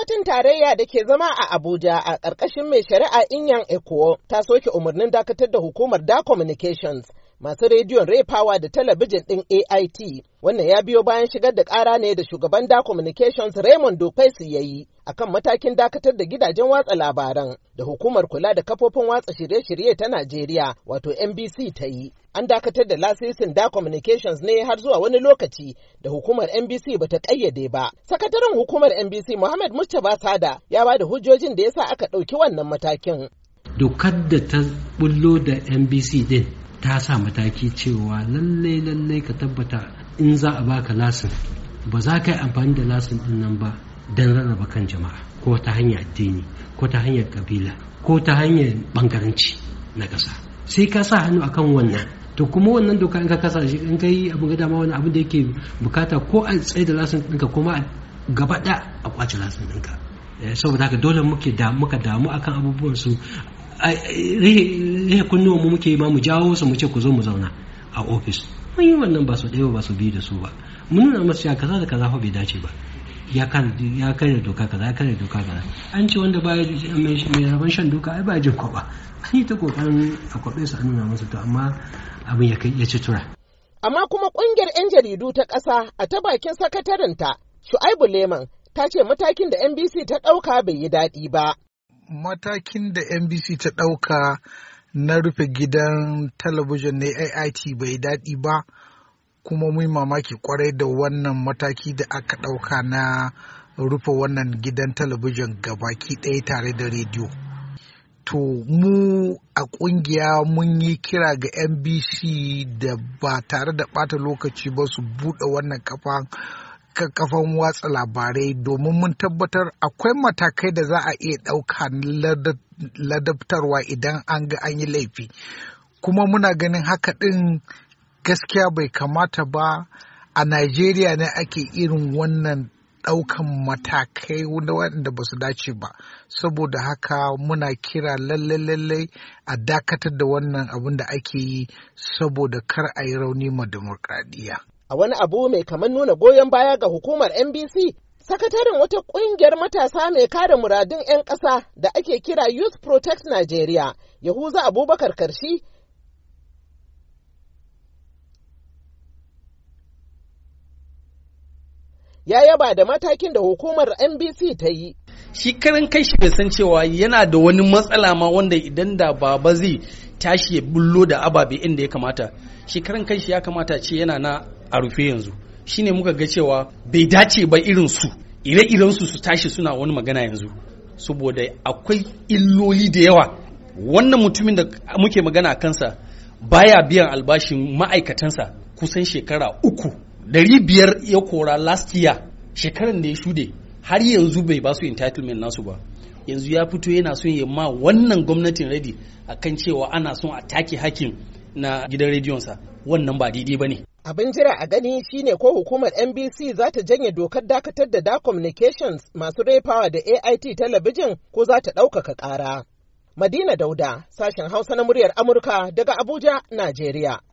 Kotun tarayya da ke zama a Abuja a ƙarƙashin mai shari'a Inyan Ekuo ta soke umarnin dakatar da hukumar Da Communications masu rediyon Repawa da talabijin ɗin AIT. Wannan ya biyo bayan shigar da ƙara ne da shugaban Da Communications Raymond Dupes ya yi akan matakin dakatar da gidajen watsa labaran da hukumar kula da kafofin watsa shirye-shirye ta Najeriya wato NBC ta yi. An dakatar da lasisin da communications ne har zuwa wani lokaci da hukumar NBC ta kayyade ba. Sakataren hukumar NBC Muhammad Murtaba Sada ya ba da hujjojin da ya sa aka ɗauki wannan matakin. Dokar da ta bullo da NBC din ta sa mataki cewa lallai lallai ka tabbata in za a baka lasin ba za ka yi amfani da lasin din nan ba don rarraba kan jama'a ko ta hanyar addini ko ta hanyar kabila ko ta hanyar bangaranci na kasa sai ka sa hannu akan wannan to kuma wannan doka in ka kasa shi in kai abin ga dama wani abin da yake bukata ko a tsaye da lasin ɗinka kuma gaba ɗaya a kwace lasin ɗinka eh, saboda haka dole muke da muka damu akan abubuwan su rihe mu muke ma mu jawo su mu ce ku zo mu zauna a ofis mun yi wannan ba su ɗaya ba su biyu da su ba mun nuna masu ya kaza da kaza fa bai dace ba ya karya doka kaza ya karya doka kaza an ce wanda ba mai rabon shan doka ai ba jin kwaba an yi ta kokarin a kwabe su an nuna masa to amma abin ya ci tura amma kuma kungiyar yan jaridu ta ƙasa a ta bakin sakatarinta shu'aibu leman ta ce matakin da nbc ta ɗauka bai yi daɗi ba matakin da nbc ta ɗauka na rufe gidan talabijin na ait bai daɗi ba kuma mun mamaki kwarai da wannan mataki da aka ɗauka na rufe wannan gidan talabijin gabaki ɗaya tare da rediyo to mu a ƙungiya mun yi kira ga nbc da ba tare da ɓata lokaci ba su buɗe wannan kafan kafan watsa labarai domin mun tabbatar akwai matakai da za a iya ɗauka ladabtarwa idan an ga an yi laifi kuma muna ganin haka ɗin gaskiya bai kamata ba a Najeriya ne ake irin wannan ɗaukan matakai waɗanda ba su dace ba saboda haka muna kira lalle-lalle a dakatar da wannan abin da ake yi saboda kar a yi rauni ma demokradiyya. A wani abu mai kamar nuna goyon baya ga hukumar NBC, sakataren wata ƙungiyar matasa mai kare muradun 'yan ƙasa da ake kira Youth Protect Nigeria, Yahuza Abubakar Karshi ya yaba da matakin da hukumar NBC ta yi. Shi karin kai shi bai san cewa yana da wani matsala ma wanda idan da baba zai tashi ya bullo da ababe inda ya kamata. Shi karin kai shi ya kamata ce yana na a rufe yanzu. Shine muka ga cewa bai dace ba irin su. Ire-iren su su tashi suna wani magana yanzu. Saboda akwai illoli da yawa. Wannan mutumin da muke magana kansa baya biyan albashin ma'aikatansa kusan shekara uku ɗari biyar ya kora last year shekaran da ya shude har yanzu bai ba su entitlement nasu ba yanzu ya fito yana son ya ma wannan gwamnatin ready akan cewa ana son a take hakin na gidan rediyonsa wannan ba daidai ba ne Abin jira a gani shine ko hukumar NBC za ta janye dokar dakatar da Da Communications masu refawa da AIT talabijin ko za ta ɗaukaka ƙara. Madina Dauda, sashen Hausa na muryar Amurka daga Abuja, Najeriya.